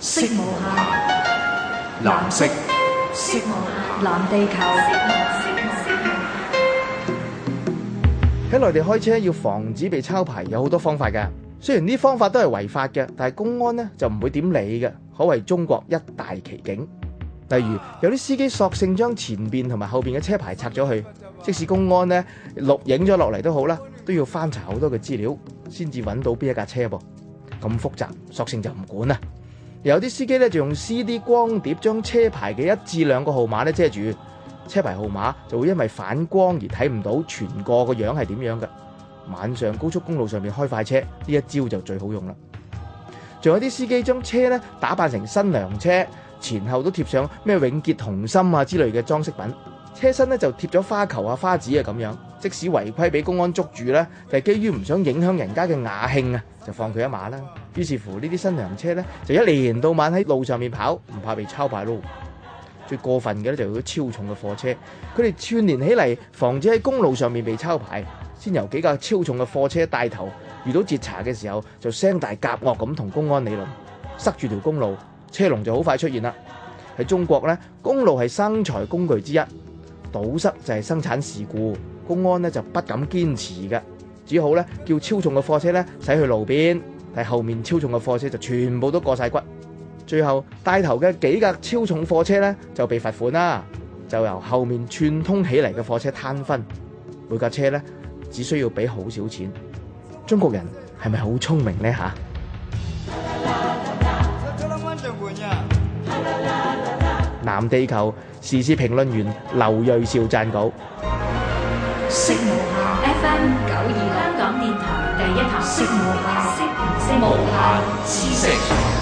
色無限藍色，色無限，藍地球。喺內地開車要防止被抄牌，有好多方法嘅。雖然呢方法都係違法嘅，但係公安呢就唔會點理嘅，可謂中國一大奇景。例如有啲司機索性將前邊同埋後邊嘅車牌拆咗去，即使公安呢錄影咗落嚟都好啦，都要翻查好多嘅資料先至揾到邊一架車噃。咁複雜，索性就唔管啦。有啲司機咧就用 CD 光碟將車牌嘅一至兩個號碼咧遮住，車牌號碼就會因為反光而睇唔到全個個樣係點樣嘅。晚上高速公路上面開快車呢，一招就最好用啦。仲有啲司機將車咧打扮成新娘車，前後都貼上咩永結同心啊之類嘅裝飾品，車身咧就貼咗花球啊花紙啊咁樣。即使違規俾公安捉住咧，就係基於唔想影響人家嘅雅興啊，就放佢一馬啦。於是乎呢啲新娘車咧，就一年到晚喺路上面跑，唔怕被抄牌咯。最過分嘅咧，就係啲超重嘅貨車，佢哋串連起嚟，防止喺公路上面被抄牌，先由幾架超重嘅貨車帶頭。遇到截查嘅時候，就聲大夾惡咁同公安理論，塞住條公路，車龍就好快出現啦。喺中國咧，公路係生財工具之一，堵塞就係生產事故，公安呢，就不敢堅持嘅，只好咧叫超重嘅貨車咧駛去路邊。但後面超重嘅貨車就全部都過晒骨，最後帶頭嘅幾架超重貨車咧就被罰款啦，就由後面串通起嚟嘅貨車攤分，每架車咧只需要俾好少錢。中國人係咪好聰明呢？吓，藍地球時事評論員劉銳紹撰稿。F M 九二香港電台第一台，識無限，識無限，知識。